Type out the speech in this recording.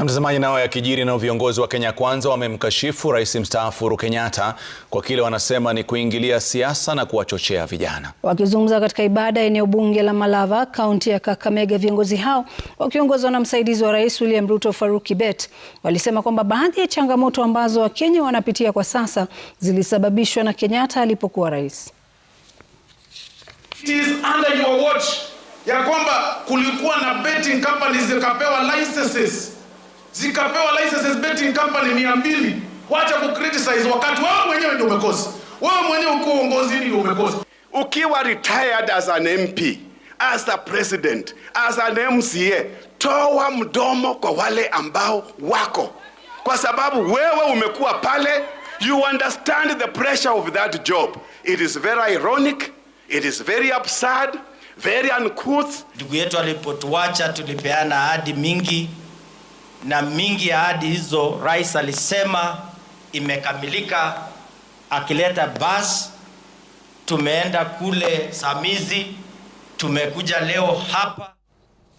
Na mtazamaji, nao yakijiri nao viongozi wa Kenya Kwanza wamemkashifu rais mstaafu Uhuru Kenyatta kwa kile wanasema ni kuingilia siasa na kuwachochea vijana. Wakizungumza katika ibada eneo bunge la Malava, kaunti ya Kakamega, viongozi hao wakiongozwa na msaidizi wa rais William Ruto Faruk Kibet walisema kwamba baadhi ya changamoto ambazo Wakenya wanapitia kwa sasa zilisababishwa na Kenyatta alipokuwa rais. It is under your watch ya kwamba kulikuwa na betting companies zikapewa licenses zikapewa licenses betting company mia mbili. Wacha ku criticize wakati wewe mwenyewe ndio umekosa. Wewe mwenyewe uko uongozi ndio umekosa. Ukiwa retired as an MP, as a president, as an MCA, toa mdomo kwa wale ambao wako, kwa sababu wewe umekuwa pale, you understand the pressure of that job. It is very ironic, it is very absurd, very uncouth. Ndugu yetu alipotuacha tulipeana ahadi mingi na mingi ya ahadi hizo rais alisema imekamilika, akileta bus Tumeenda kule Samizi, tumekuja leo hapa.